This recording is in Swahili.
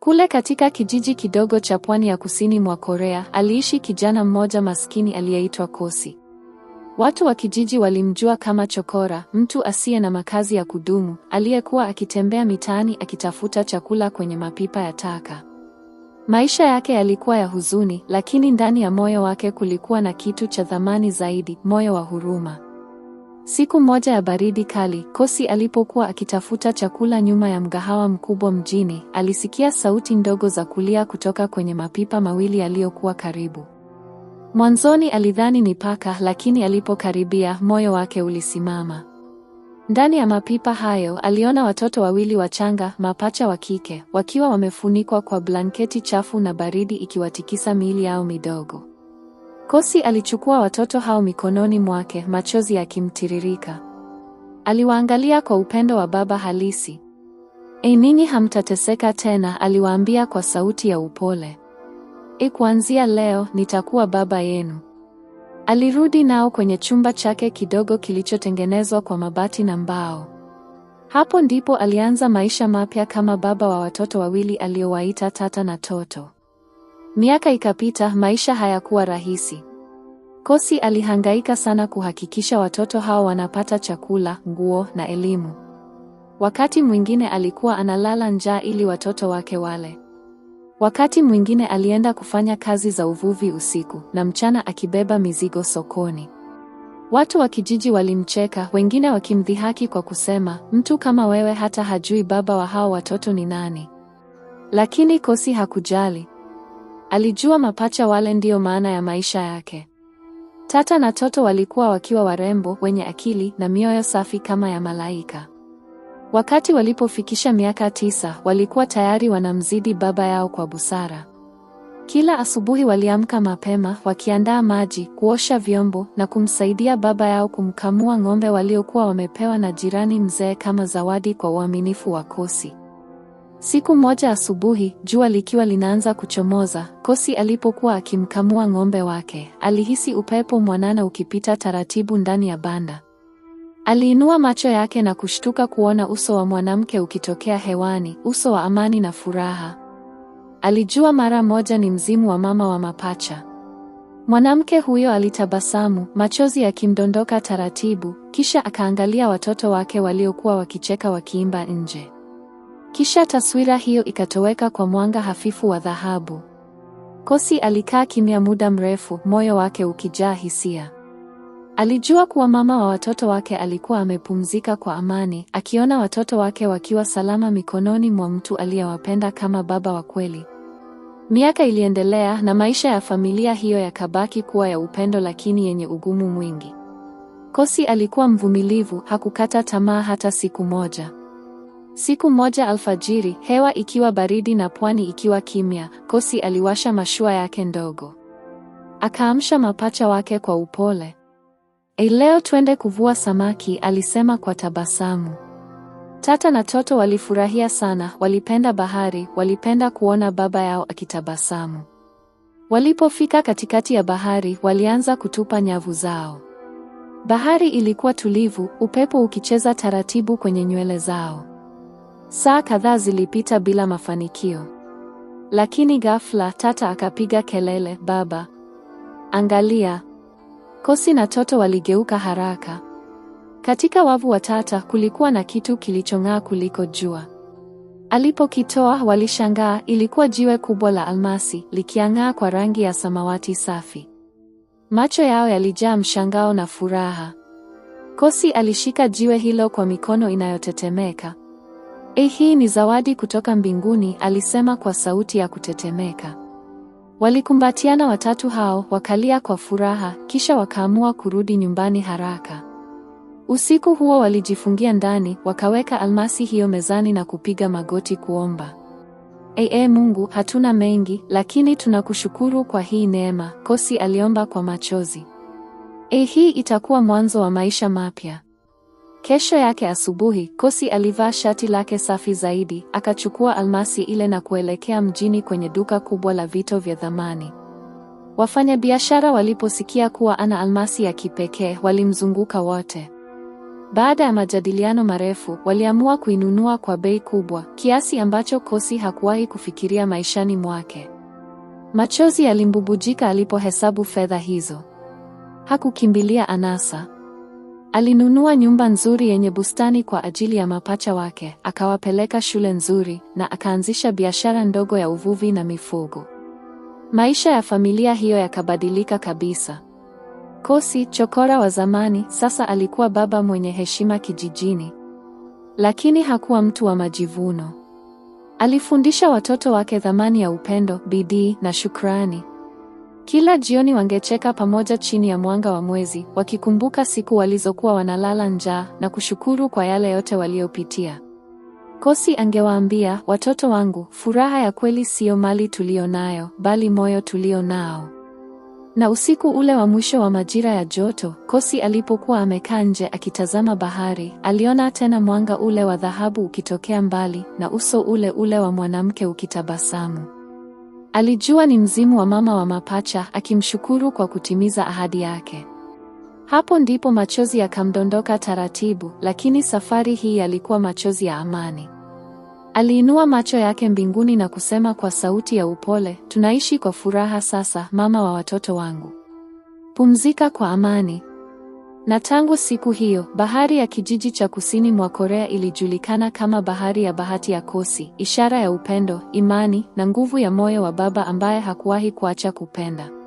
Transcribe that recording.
Kule katika kijiji kidogo cha pwani ya kusini mwa Korea, aliishi kijana mmoja maskini aliyeitwa Kosi. Watu wa kijiji walimjua kama chokora, mtu asiye na makazi ya kudumu, aliyekuwa akitembea mitaani akitafuta chakula kwenye mapipa ya taka. Maisha yake yalikuwa ya huzuni, lakini ndani ya moyo wake kulikuwa na kitu cha thamani zaidi, moyo wa huruma. Siku moja ya baridi kali, Kosi alipokuwa akitafuta chakula nyuma ya mgahawa mkubwa mjini, alisikia sauti ndogo za kulia kutoka kwenye mapipa mawili yaliyokuwa karibu. Mwanzoni alidhani ni paka, lakini alipokaribia, moyo wake ulisimama. Ndani ya mapipa hayo, aliona watoto wawili wachanga, mapacha wa kike, wakiwa wamefunikwa kwa blanketi chafu na baridi ikiwatikisa miili yao midogo. Kosi alichukua watoto hao mikononi mwake, machozi yakimtiririka. Aliwaangalia kwa upendo wa baba halisi. E, ninyi hamtateseka tena, aliwaambia kwa sauti ya upole. E, kuanzia leo nitakuwa baba yenu. Alirudi nao kwenye chumba chake kidogo kilichotengenezwa kwa mabati na mbao. Hapo ndipo alianza maisha mapya kama baba wa watoto wawili aliowaita Tata na Toto. Miaka ikapita, maisha hayakuwa rahisi. Kosi alihangaika sana kuhakikisha watoto hao wanapata chakula, nguo na elimu. Wakati mwingine alikuwa analala njaa ili watoto wake wale. Wakati mwingine alienda kufanya kazi za uvuvi usiku na mchana akibeba mizigo sokoni. Watu wa kijiji walimcheka, wengine wakimdhihaki kwa kusema, mtu kama wewe hata hajui baba wa hao watoto ni nani. Lakini Kosi hakujali. Alijua mapacha wale ndiyo maana ya maisha yake. Tata na Toto walikuwa wakiwa warembo, wenye akili na mioyo safi kama ya malaika. Wakati walipofikisha miaka tisa, walikuwa tayari wanamzidi baba yao kwa busara. Kila asubuhi waliamka mapema, wakiandaa maji, kuosha vyombo na kumsaidia baba yao kumkamua ng'ombe waliokuwa wamepewa na jirani mzee kama zawadi kwa uaminifu wa Kosi. Siku moja asubuhi, jua likiwa linaanza kuchomoza, Kosi alipokuwa akimkamua ng'ombe wake, alihisi upepo mwanana ukipita taratibu ndani ya banda. Aliinua macho yake na kushtuka kuona uso wa mwanamke ukitokea hewani, uso wa amani na furaha. Alijua mara moja ni mzimu wa mama wa mapacha. Mwanamke huyo alitabasamu, machozi yakimdondoka taratibu, kisha akaangalia watoto wake waliokuwa wakicheka wakiimba nje. Kisha taswira hiyo ikatoweka kwa mwanga hafifu wa dhahabu. Kosi alikaa kimya muda mrefu, moyo wake ukijaa hisia. Alijua kuwa mama wa watoto wake alikuwa amepumzika kwa amani, akiona watoto wake wakiwa salama mikononi mwa mtu aliyewapenda kama baba wa kweli. Miaka iliendelea na maisha ya familia hiyo yakabaki kuwa ya upendo lakini yenye ugumu mwingi. Kosi alikuwa mvumilivu, hakukata tamaa hata siku moja. Siku moja alfajiri, hewa ikiwa baridi na pwani ikiwa kimya, Kosi aliwasha mashua yake ndogo. Akaamsha mapacha wake kwa upole. Leo twende kuvua samaki, alisema kwa tabasamu. Tata na Toto walifurahia sana, walipenda bahari, walipenda kuona baba yao akitabasamu. Walipofika katikati ya bahari, walianza kutupa nyavu zao. Bahari ilikuwa tulivu, upepo ukicheza taratibu kwenye nywele zao. Saa kadhaa zilipita bila mafanikio, lakini ghafla tata akapiga kelele, "Baba, angalia!" Kosi na Toto waligeuka haraka. Katika wavu wa tata kulikuwa na kitu kilichong'aa kuliko jua. Alipokitoa walishangaa, ilikuwa jiwe kubwa la almasi likiang'aa kwa rangi ya samawati safi. Macho yao yalijaa mshangao na furaha. Kosi alishika jiwe hilo kwa mikono inayotetemeka. Eh, hii ni zawadi kutoka mbinguni, alisema kwa sauti ya kutetemeka. Walikumbatiana watatu hao, wakalia kwa furaha, kisha wakaamua kurudi nyumbani haraka. Usiku huo walijifungia ndani, wakaweka almasi hiyo mezani na kupiga magoti kuomba. Ee Mungu, hatuna mengi, lakini tunakushukuru kwa hii neema, Kosi aliomba kwa machozi. Eh, hii itakuwa mwanzo wa maisha mapya. Kesho yake asubuhi, Kosi alivaa shati lake safi zaidi, akachukua almasi ile na kuelekea mjini kwenye duka kubwa la vito vya thamani. Wafanyabiashara waliposikia kuwa ana almasi ya kipekee, walimzunguka wote. Baada ya majadiliano marefu, waliamua kuinunua kwa bei kubwa, kiasi ambacho Kosi hakuwahi kufikiria maishani mwake. Machozi yalimbubujika alipohesabu fedha hizo. Hakukimbilia anasa. Alinunua nyumba nzuri yenye bustani kwa ajili ya mapacha wake, akawapeleka shule nzuri na akaanzisha biashara ndogo ya uvuvi na mifugo. Maisha ya familia hiyo yakabadilika kabisa. Kosi, chokora wa zamani, sasa alikuwa baba mwenye heshima kijijini. Lakini hakuwa mtu wa majivuno. Alifundisha watoto wake thamani ya upendo, bidii na shukrani. Kila jioni wangecheka pamoja chini ya mwanga wa mwezi, wakikumbuka siku walizokuwa wanalala njaa na kushukuru kwa yale yote waliopitia. Kosi angewaambia, watoto wangu, furaha ya kweli siyo mali tuliyo nayo, bali moyo tulio nao. Na usiku ule wa mwisho wa majira ya joto, Kosi alipokuwa amekaa nje akitazama bahari, aliona tena mwanga ule wa dhahabu ukitokea mbali na uso ule ule wa mwanamke ukitabasamu. Alijua ni mzimu wa mama wa mapacha akimshukuru kwa kutimiza ahadi yake. Hapo ndipo machozi yakamdondoka taratibu, lakini safari hii yalikuwa machozi ya amani. Aliinua macho yake mbinguni na kusema kwa sauti ya upole, tunaishi kwa furaha sasa, mama wa watoto wangu. Pumzika kwa amani. Na tangu siku hiyo, bahari ya kijiji cha kusini mwa Korea ilijulikana kama bahari ya bahati ya Kosi, ishara ya upendo, imani na nguvu ya moyo wa baba ambaye hakuwahi kuacha kupenda.